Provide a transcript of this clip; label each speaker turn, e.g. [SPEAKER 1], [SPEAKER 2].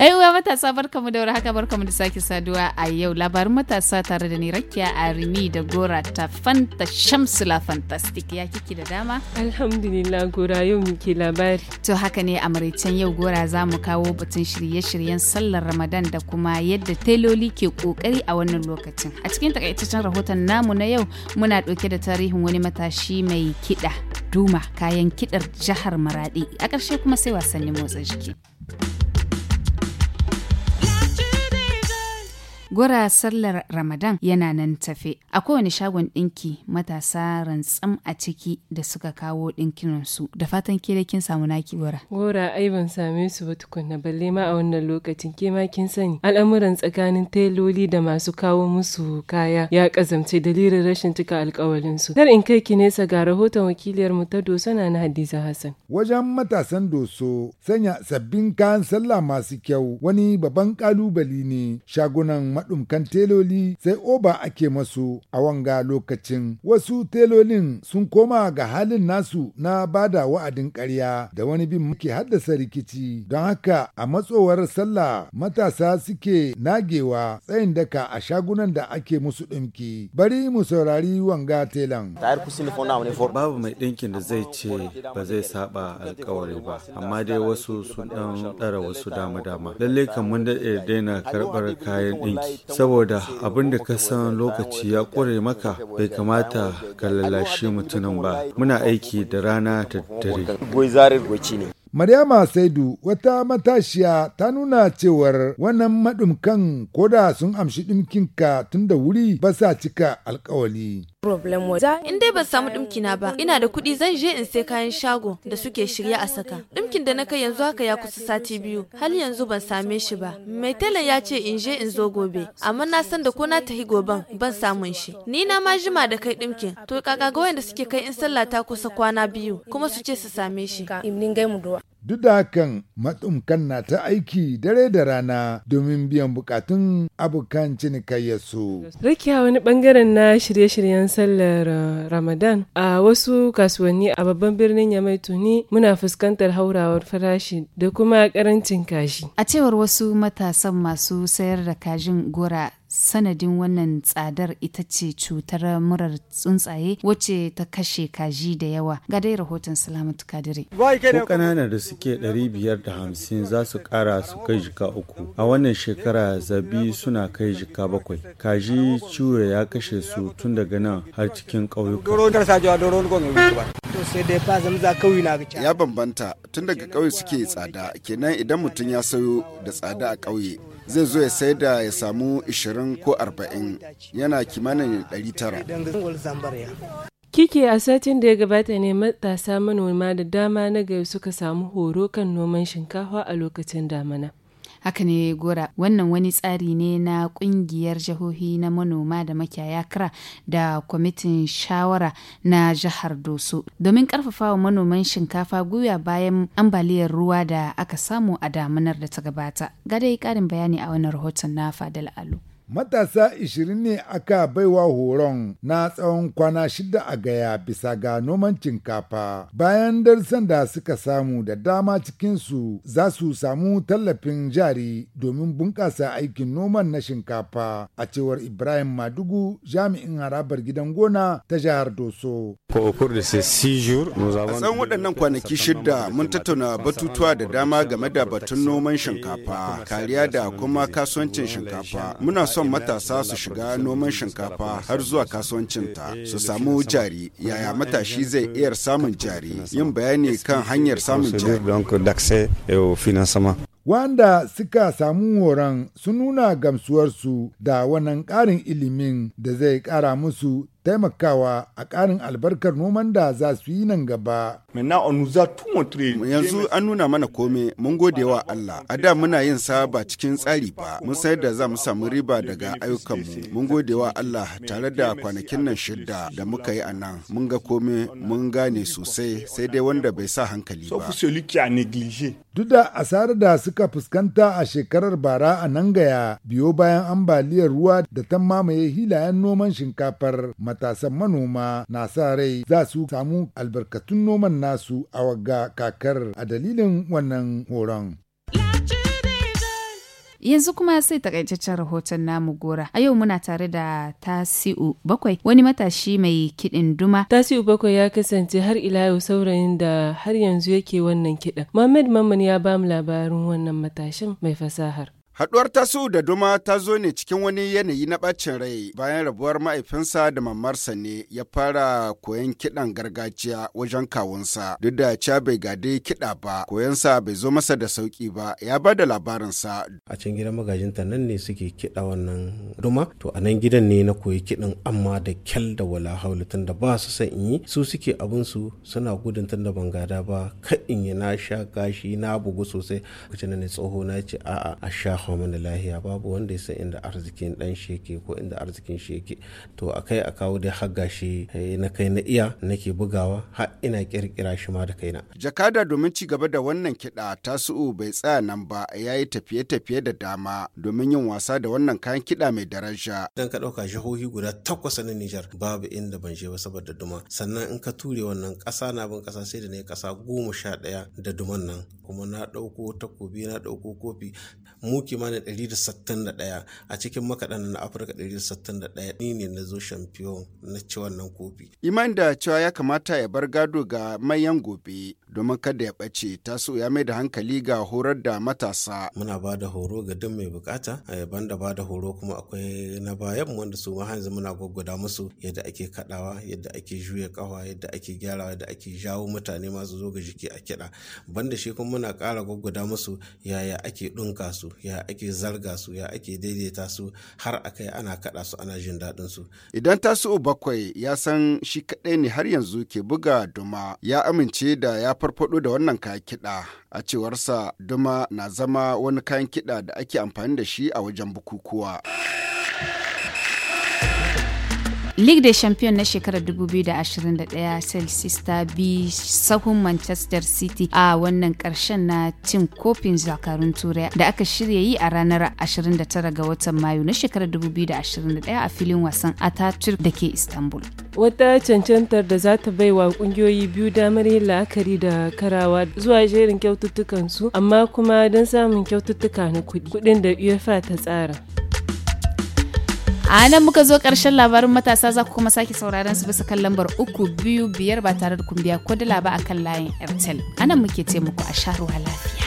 [SPEAKER 1] Yan uwa matasa barkamu da haka barkamu da sake saduwa a yau labarin matasa tare da ni Rakiya Arimi da Gora ta Fanta Shamsula Fantastic ya kiki da dama. Alhamdulillah Gora yau muke labari. To haka ne a maraicen yau Gora za mu kawo batun shirye-shiryen sallar Ramadan da kuma yadda teloli ke kokari a wannan lokacin. A cikin takaitaccen rahoton namu na yau muna ɗauke da tarihin wani matashi mai kiɗa duma kayan kiɗar jihar Maradi. A ƙarshe kuma sai wasannin motsa jiki. gura sallar Ramadan yana nan tafe. A kowane shagon ɗinki matasa rantsam a ciki da suka kawo ɗinkinansu. Da fatan ke kin samu
[SPEAKER 2] naki gwara. Gwara ai ban same su ba tukunna balle ma a wannan lokacin ke ma kin sani. Al'amuran tsakanin teloli da masu kawo musu kaya ya kazamce dalilin rashin cika su Kar in kai ki nesa ga rahoton wakiliyar mu ta Doso na Hadiza Hassan.
[SPEAKER 3] Wajen matasan Doso sanya sabbin kayan sallah masu kyau wani babban kalubali ne shagunan madumkan teloli sai oba ake masu a wanga lokacin. Wasu telolin sun koma ga halin nasu na bada wa'adin ƙarya da wani bin muke haddasa rikici don haka a matsowar sallah matasa suke nagewa tsayin daka a shagunan da ake musu ɗinki. Bari mu saurari wanga telan.
[SPEAKER 4] Babu mai ɗinkin da zai ce ba zai saba alkawari
[SPEAKER 5] ba amma dai wasu sun ɗan ɗara wasu dama-dama. Lallai kan mun daɗe daina karɓar kayan ɗinki saboda abin da ka san lokaci ya ƙware maka bai kamata ka lalashe mutumin ba muna aiki da rana ta dare
[SPEAKER 3] Maryama Saidu wata matashiya ta nuna cewar wannan maɗumkan koda sun amshi ɗinkinka tun da wuri ba sa cika alkawali.
[SPEAKER 1] problem In dai ban samu ɗumkina ba, ina da kuɗi zan je in sai kayan shago da suke shirya a saka. Ɗumkin da na kai yanzu haka ya kusa sati biyu, hal yanzu ban same shi ba. Mai talan ya ce in je in zo gobe, amma na san da ko na tahi goben ban samun shi. Ni na ma jima da kai ɗumkin, to kaka ga wanda suke kai in sallah ta kusa kwana biyu, kuma su ce su same shi.
[SPEAKER 3] Duk da hakan matsumkan na ta aiki dare da rana domin biyan bukatun abokan cinikayyarsu.
[SPEAKER 2] Rikiya wani bangaren na shirye-shiryen sallar uh, Ramadan a wasu kasuwanni a babban birnin Yamai Tuni muna fuskantar haurawar farashi da kuma karancin kashi.
[SPEAKER 1] A cewar wasu matasan masu sayar da kajin gora sanadin wannan tsadar ita ce cutar murar tsuntsaye wacce ta kashe kaji da yawa ga dai rahoton salamatu kadiri
[SPEAKER 3] ko
[SPEAKER 5] kananan da suke 550 za su kara su kai jika uku a wannan shekara zabi suna kai jika bakwai kaji ciwo ya kashe su tun daga nan har cikin ƙauyuka Ya bambanta tun daga ƙauye suke tsada kenan idan mutum ya sayo da tsada a kauye zai zo ya sai da ya samu 20 ko 40 yana kimanin
[SPEAKER 2] 900. Kike a satin da ya gabata ne matasa manoma da dama na gari suka samu horo kan noman shinkafa a lokacin damana. Haka ne gora wannan wani
[SPEAKER 1] tsari ne na kungiyar jihohi na manoma da makiyaya kira da kwamitin shawara na jihar Doso domin ƙarfafawa manoman shinkafa gwiwa bayan ambaliyar ruwa da aka samu a damunar da ta gabata. Gadai karin bayani a wannan rahoton na Fadal Alu.
[SPEAKER 3] Matasa 20 ne aka baiwa horon na tsawon kwana shida a gaya bisa ga noman cinkafa. Bayan darsan da suka samu da dama cikinsu za su samu tallafin jari domin bunƙasa aikin noman na shinkafa a cewar Ibrahim Madugu jami'in harabar gidan gona ta jihar Doso.
[SPEAKER 5] A tsawon waɗannan kwanaki shida mun tattauna batutuwa da dama game da batun noman shinkafa, kariya da kuma kasuwancin shinkafa. Muna so son matasa su shiga noman shinkafa har zuwa kasuwancinta su samu jari yaya matashi zai iya samun jari yin bayani kan hanyar samun jari.
[SPEAKER 3] Wanda suka samu horon su nuna gamsuwarsu da wannan ƙarin ilimin da zai ƙara musu taimakawa a ƙarin albarkar noman da za su yi nan gaba.
[SPEAKER 5] Yanzu an nuna mana kome mun gode wa Allah, a da muna yin sa ba cikin tsari ba, mun sayar da za mu samu riba daga ayyukanmu, mun gode wa Allah tare da kwanakin nan shidda da muka yi a nan, mun ga kome mun gane sosai sai dai wanda bai sa hankali ba.
[SPEAKER 3] Duk da asarar da suka fuskanta a shekarar bara a nan gaya biyo bayan ambaliyar ruwa da ta mamaye hilayen noman shinkafar matasan manoma na sa rai za su samu albarkatun noman nasu a wagga kakar a dalilin wannan horon.
[SPEAKER 1] Yanzu kuma sai takaitaccen rahoton namu gora. A yau muna tare da Tasi'u bakwai wani matashi mai
[SPEAKER 2] kiɗin duma. Tasi'u bakwai ya kasance har ila yau saurayin da har yanzu yake wannan kiɗan. mohammed Mamman ya bamu labarin wannan matashin mai fasahar.
[SPEAKER 5] Haɗuwar tasu da Duma ta zo ne cikin wani yanayi na ɓacin rai bayan rabuwar mahaifinsa da mamarsa ne ya fara koyan kiɗan gargajiya wajen kawunsa. Duk da ca bai gade kiɗa ba, sa bai zo masa da sauƙi ba, ya ba da labarinsa.
[SPEAKER 4] A can gidan magajinta nan ne suke kiɗa wannan Duma, to a nan gidan ne na koyi kiɗin amma da kyal da wala haulu tun da ba su san yi, su suke su suna gudun tun da ban gada ba, in yi na sha gashi na bugu sosai. Kucin ne tsoho na ce a'a a sha kawo mana lahiya babu wanda ya san inda arzikin dan shi yake ko inda arzikin shi yake to a kai a kawo dai har gashi eh, na kai na iya nake bugawa har ina kirkira shi ma da kaina
[SPEAKER 5] jakada domin ci gaba da wannan kiɗa su'u bai tsaya nan ba ya yi tafiye-tafiye da dama domin yin wasa
[SPEAKER 4] da wannan kayan kiɗa mai daraja dan ka ɗauka jihohi guda takwas na Nijar babu inda ban je ba saboda duma sannan in ka ture wannan kasa na bin kasa sai da ne kasa goma sha ɗaya da duman nan kuma na ɗauko takobi na ɗauko kofi mu kimanin 161 a cikin makaɗan na afirka 161 ni ne na zo shamfiyon na ci wannan kofi
[SPEAKER 5] iman da cewa ya kamata ya bar gado ga mayan gobe domin kada ya ɓace
[SPEAKER 4] so ya mai da hankali ga horar da matasa muna ba da horo ga duk mai bukata banda ba da horo kuma akwai na bayan wanda su ma yanzu muna gwaggwada musu yadda ake kaɗawa yadda ake juya kawa yadda ake gyara yadda ake jawo mutane masu zo ga jiki a kiɗa banda shi kuma muna ƙara gwaggwada musu yaya ake ɗunka su yaya ake zarga su ya ake daidaita su har a kai ana kaɗa su ana jin daɗin su.
[SPEAKER 5] Idan tasu bakwai ya san shi kaɗai ne har yanzu ke buga duma ya amince da ya farfaɗo da wannan kayan kiɗa a cewarsa duma na zama wani kayan kiɗa da ake amfani da shi a wajen bukukuwa.
[SPEAKER 1] League da Champion na shekarar 2021 Chelsea ta bi sahun Manchester City a wannan karshen na cin kofin zakarun Turai da aka shirya yi a ranar 29 ga watan Mayu na shekarar 2021 a filin wasan Atatürk da ke Istanbul.
[SPEAKER 2] Wata cancantar da za ta baiwa kungiyoyi biyu damar yin la'akari da karawa zuwa jerin kyaututtukan su amma kuma don samun kyaututtuka na kuɗi kuɗin da UEFA ta tsara. a nan muka zo ƙarshen labarin matasa za ku kuma sake sauraron su bisa
[SPEAKER 1] kan lambar uku biyu biyar ba tare da kumbiya ko dala ba akan layin airtel a nan muke taimako a sharuwa lafiya